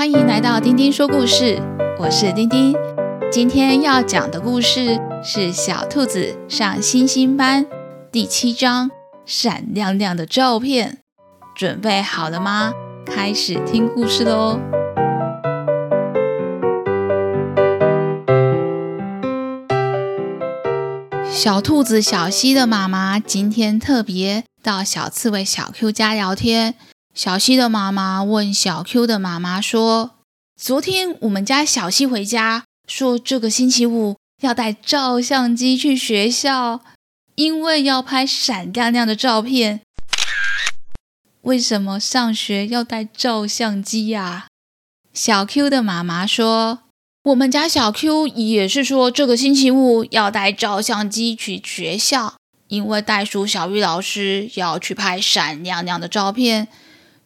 歡迎來到丁丁說故事，我是丁丁。今天要講的故事是《小兔子上星星班》第七章《閃亮亮的照片》，準備好了嗎？開始聽故事嘍。小兔子小西的媽媽今天特別到小刺蝟小 Q 家聊天。小溪的媽媽問小 Q 的媽媽說：“昨天我們家小溪回家說，這個星期五要帶照相機去學校，因為要拍閃亮亮的照片。為什麼上學要帶照相機呀？”小 Q 的媽媽說：“我們家小 Q 也是說，這個星期五要帶照相機去學校，因為袋鼠小玉老師要去拍閃亮亮的照片。”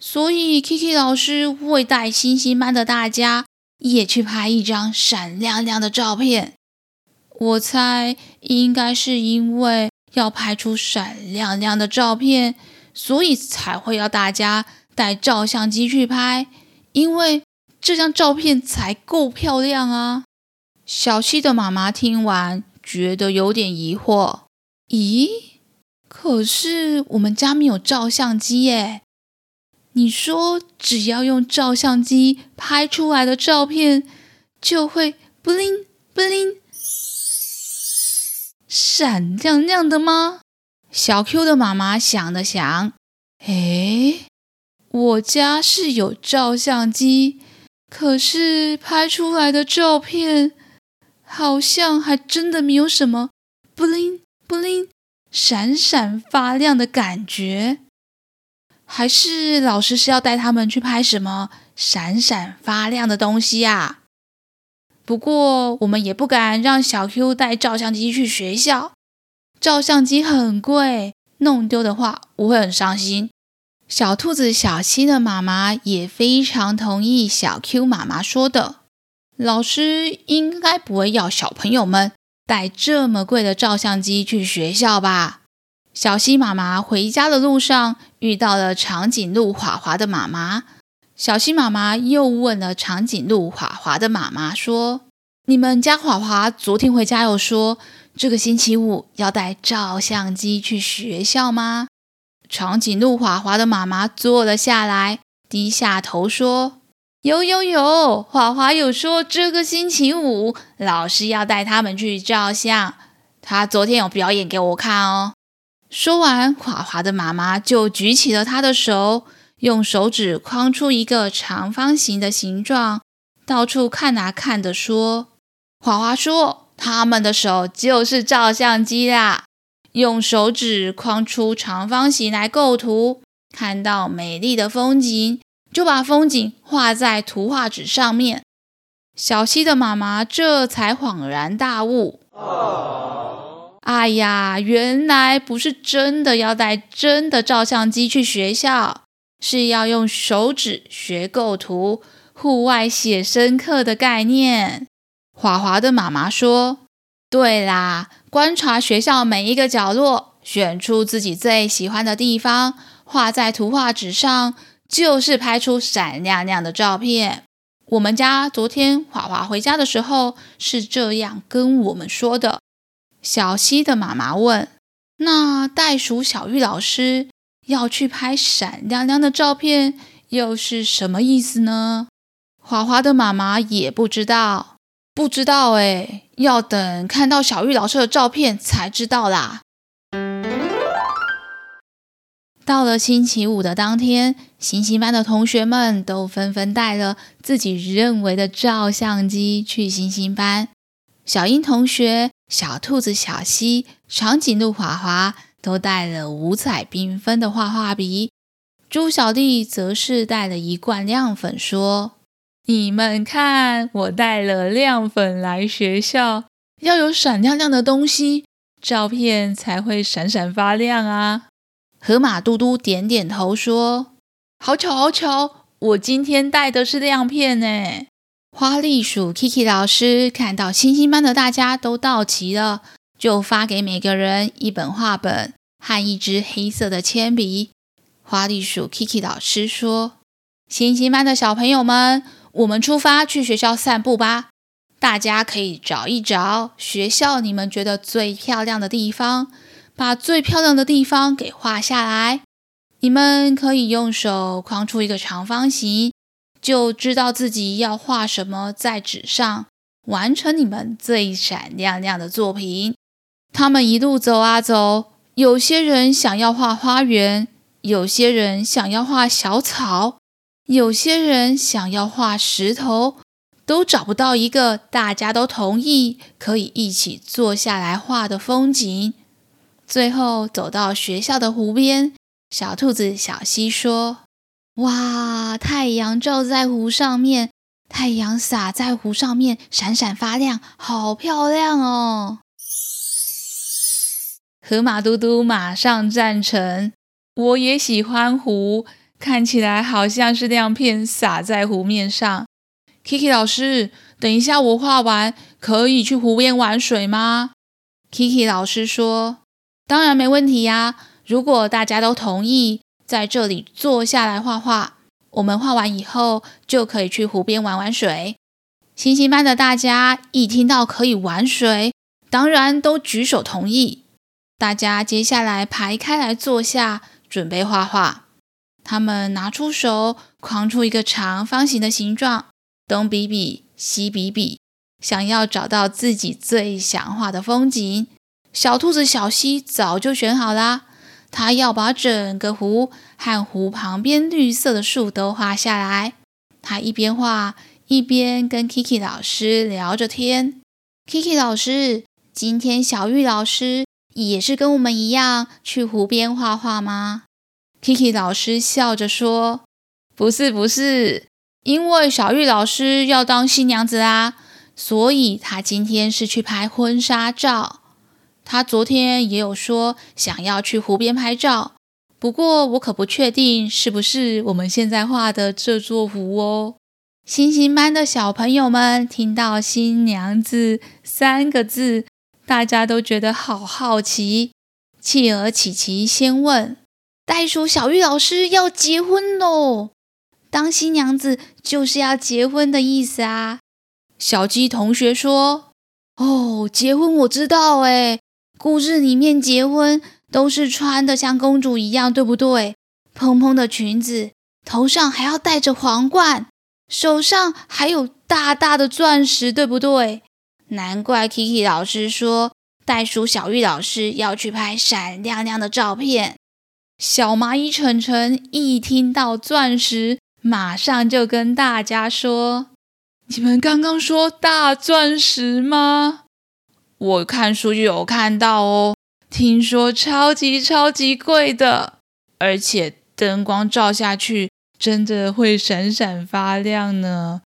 所以，Kiki 老師會帶星星班的大家也去拍一張閃亮亮的照片。我猜應該是因為要拍出閃亮亮的照片，所以才會要大家帶照相機去拍，因為這張照片才夠漂亮啊！小七的媽媽聽完覺得有點疑惑：“咦，可是我們家沒有照相機耶。”你說，只要用照相機拍出來的照片，就會 bling bling 閃亮亮的嗎？小 Q 的媽媽想了想，誒，哎，我家是有照相機，可是拍出來的照片好像還真的沒有什麼 bling bling 閃閃發亮的感覺。還是老師是要帶他們去拍什麼閃閃發亮的東西呀、啊？不過我們也不敢讓小 Q 帶照相機去學校，照相機很貴，弄丟的話我會很傷心。小兔子小七的媽媽也非常同意小 Q 媽媽說的，老師應該不會要小朋友們帶這麼貴的照相機去學校吧。小溪媽媽回家的路上遇到了長頸鹿華華的媽媽。小溪媽媽又問了長頸鹿華華的媽媽說：“你們家華華昨天回家有說這個星期五要帶照相機去學校嗎？”長頸鹿華華的媽媽坐了下來，低下頭說：“有有有，華華有說這個星期五老師要帶他們去照相，他昨天有表演給我看哦。”說完，華華的媽媽就舉起了她的手，用手指框出一個長方形的形狀，到處看啊看的說：“華華說，他們的手就是照相機啦，用手指框出長方形來構圖，看到美麗的風景，就把風景畫在圖畫紙上面。”小溪的媽媽這才恍然大悟。哦。哎呀，原來不是真的要帶真的照相機去學校，是要用手指學構圖、戶外寫生課的概念。華華的媽媽說：“對啦，觀察學校每一個角落，選出自己最喜歡的地方，畫在圖畫紙上，就是拍出閃亮亮的照片。”我們家昨天華華回家的時候是這樣跟我們說的。小溪的媽媽問：“那袋鼠小玉老師要去拍閃亮亮的照片，又是什麼意思呢？”華華的媽媽也不知道，不知道誒、哎，要等看到小玉老師的照片才知道啦。到了星期五的當天，星星班的同學們都紛紛帶了自己認為的照相機去星星班。小英同學、小兔子小溪、長頸鹿華華都帶了五彩繽紛的畫畫筆，豬小弟則是帶了一罐亮粉，說：“你們看，我帶了亮粉來學校，要有閃亮亮的東西，照片才會閃閃發亮啊。”河馬嘟嘟點點頭說：“好巧，好巧，我今天帶的是亮片呢。”花栗鼠 Kiki 老師看到星星班的大家都到齊了，就發給每個人一本畫本和一支黑色的鉛筆。花栗鼠 Kiki 老師說：“星星班的小朋友們，我們出發去學校散步吧！大家可以找一找學校你們覺得最漂亮的地方，把最漂亮的地方給畫下來。你們可以用手框出一個長方形。”就知道自己要畫什麼，在紙上完成你們最閃亮亮的作品。他們一路走啊走，有些人想要畫花園，有些人想要畫小草，有些人想要畫石頭，都找不到一個大家都同意可以一起坐下來畫的風景。最後走到學校的湖邊，小兔子小溪說。哇！太陽照在湖上面，太陽灑在湖上面，閃閃發亮，好漂亮哦！河馬嘟嘟馬上贊成，我也喜歡湖，看起來好像是亮片灑在湖面上。Kiki 老師，等一下我畫完，可以去湖邊玩水嗎？Kiki 老師說：“當然沒問題呀，如果大家都同意。”在這裡坐下來畫畫，我們畫完以後就可以去湖邊玩玩水。星星班的大家一聽到可以玩水，當然都舉手同意。大家接下來排開來坐下，準備畫畫。他們拿出手框出一個長方形的形狀，東比比，西比比，想要找到自己最想畫的風景。小兔子小西早就選好啦。他要把整個湖和湖旁邊綠色的樹都畫下來。他一邊畫一邊跟 Kiki 老師聊着天。Kiki 老師，今天小玉老師也是跟我們一樣去湖邊畫畫嗎？Kiki 老師笑着說：“不是，不是，因為小玉老師要當新娘子啦，所以她今天是去拍婚紗照。”他昨天也有說想要去湖邊拍照，不過我可不確定是不是我們現在畫的這座湖哦。星星班的小朋友們聽到“新娘子”三個字，大家都覺得好好奇。企鵝琪琪先問袋鼠小玉老師：“要結婚嘍？”當新娘子就是要結婚的意思啊。小雞同學說：“哦，結婚我知道，哎，誒。”故事裡面結婚都是穿得像公主一樣，對不對？蓬蓬的裙子，頭上還要戴着皇冠，手上還有大大的鑽石，對不對？難怪 Kiki 老師說袋鼠小玉老師要去拍閃亮亮的照片。小螞蟻晨晨一聽到鑽石，馬上就跟大家說：“你們剛剛說大鑽石嗎？”我看書就有看到哦，聽說超級超級貴的，而且燈光照下去真的會閃閃發亮呢。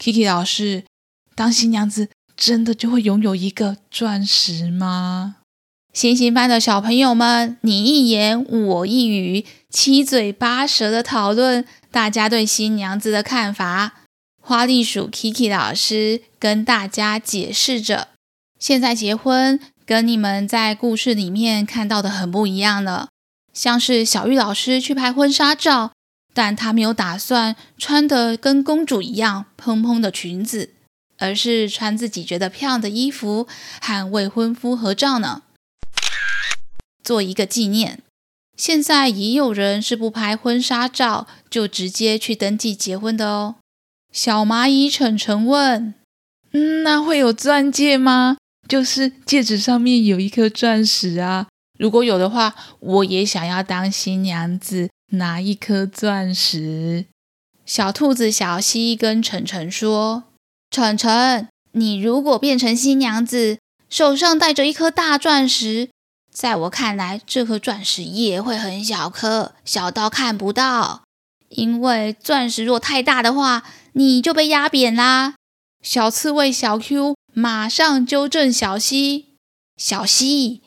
Kiki 老師，當新娘子真的就會擁有一個鑽石嗎？星星班的小朋友們，你一言我一語，七嘴八舌的討論大家對新娘子的看法。花栗鼠 Kiki 老師跟大家解釋着，現在結婚跟你們在故事裡面看到的很不一樣了。像是小玉老師去拍婚紗照，但她沒有打算穿的跟公主一樣蓬蓬的裙子，而是穿自己覺得漂亮的衣服和未婚夫合照呢，做一個紀念。現在也有人是不拍婚紗照就直接去登記結婚的哦。小螞蟻晨晨問：“嗯，那會有鑽戒嗎？就是戒指上面有一顆鑽石啊。如果有的話，我也想要當新娘子，拿一顆鑽石。”小兔子小蜥蜴跟晨晨說：“晨晨，你如果變成新娘子，手上戴着一顆大鑽石，在我看來，這顆鑽石也會很小顆，小到看不到。因為鑽石若太大的話。”你就被壓扁啦！小刺蝟小 Q 馬上糾正小希：“小希，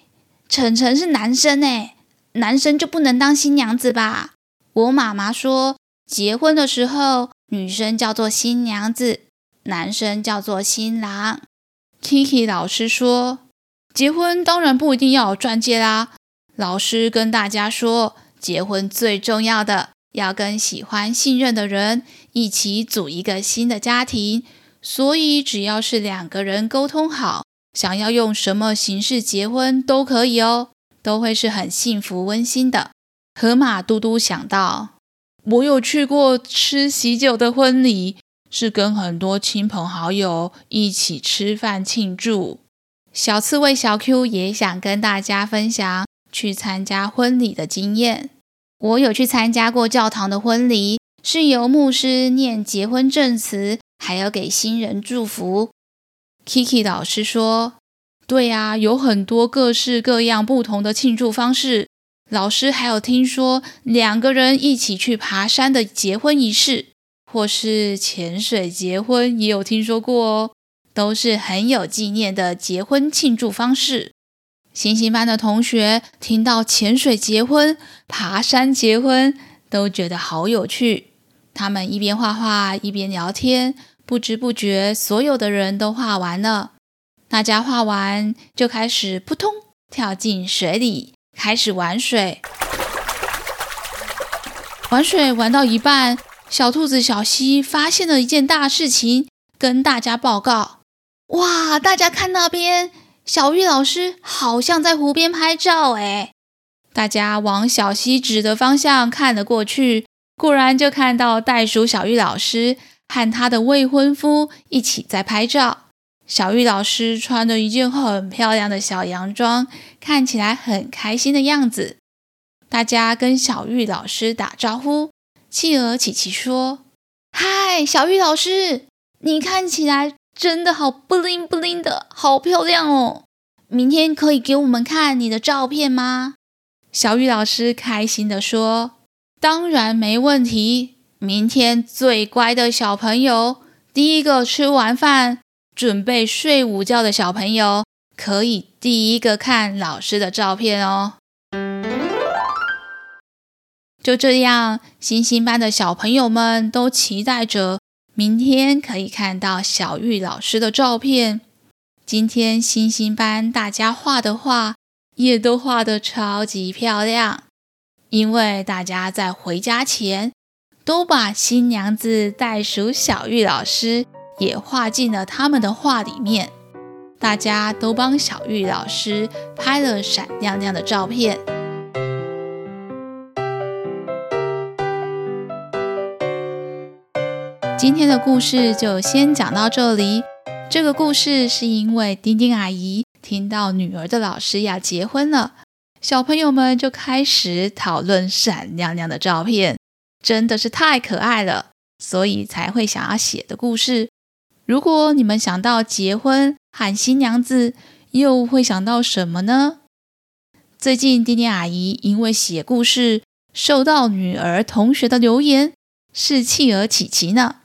晨晨是男生誒，男生就不能當新娘子吧？我媽媽說，結婚的時候女生叫做新娘子，男生叫做新郎。”Kiki 老師說：“結婚當然不一定要有鑽戒啦。”老師跟大家說：“結婚最重要的。”要跟喜歡信任的人一起組一個新的家庭，所以只要是兩個人溝通好，想要用什麼形式結婚都可以哦，都會是很幸福溫馨的。河馬嘟嘟想到，我有去過吃喜酒的婚禮，是跟很多親朋好友一起吃飯慶祝。小刺蝟小 Q 也想跟大家分享去參加婚禮的經驗。我有去參加過教堂的婚禮，是由牧師念結婚證詞，還要給新人祝福。Kiki 老師說：“對啊，有很多各式各樣不同的慶祝方式。老師還有聽說兩個人一起去爬山的結婚儀式，或是潛水結婚，也有聽說過哦，都是很有紀念的結婚慶祝方式。”星星班的同學聽到潛水結婚、爬山結婚，都覺得好有趣。他們一邊畫畫，一邊聊天，不知不覺，所有的人都畫完了。大家畫完就開始撲通跳進水裡，開始玩水。玩水玩到一半，小兔子小溪發現了一件大事情，跟大家報告：“哇，大家看那邊！”小玉老師好像在湖邊拍照，誒、欸，大家往小溪指的方向看了過去，果然就看到袋鼠小玉老師和她的未婚夫一起在拍照。小玉老師穿着一件很漂亮的小洋裝，看起來很開心的樣子。大家跟小玉老師打招呼，企鵝琪琪琪說：“嗨，小玉老師，你看起來……”真的好布靈布靈的，好漂亮哦！明天可以給我們看你的照片嗎？小玉老師開心地說：“當然沒問題，明天最乖的小朋友，第一個吃完飯準備睡午覺的小朋友，可以第一個看老師的照片哦。”就這樣，星星班的小朋友們都期待着。明天可以看到小玉老師的照片。今天星星班大家畫的畫也都畫得超級漂亮，因為大家在回家前都把新娘子袋鼠小玉老師也畫進了他們的畫裡面。大家都幫小玉老師拍了閃亮亮的照片。今天的故事就先講到這裡。這個故事是因為丁丁阿姨聽到女兒的老師要結婚了，小朋友們就開始討論閃亮亮的照片，真的是太可愛了，所以才會想要寫的故事。如果你們想到結婚喊新娘子，又會想到什麼呢？最近丁丁阿姨因為寫故事受到女兒同學的留言，是棄兒琪琪呢。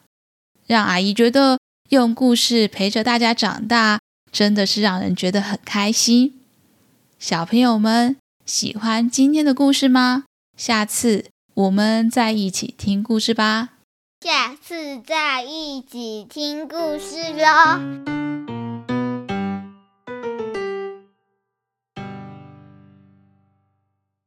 讓阿姨覺得用故事陪着大家長大，真的是讓人覺得很開心。小朋友們喜歡今天的故事嗎？下次我們再一起聽故事吧。下次再一起聽故事嘍。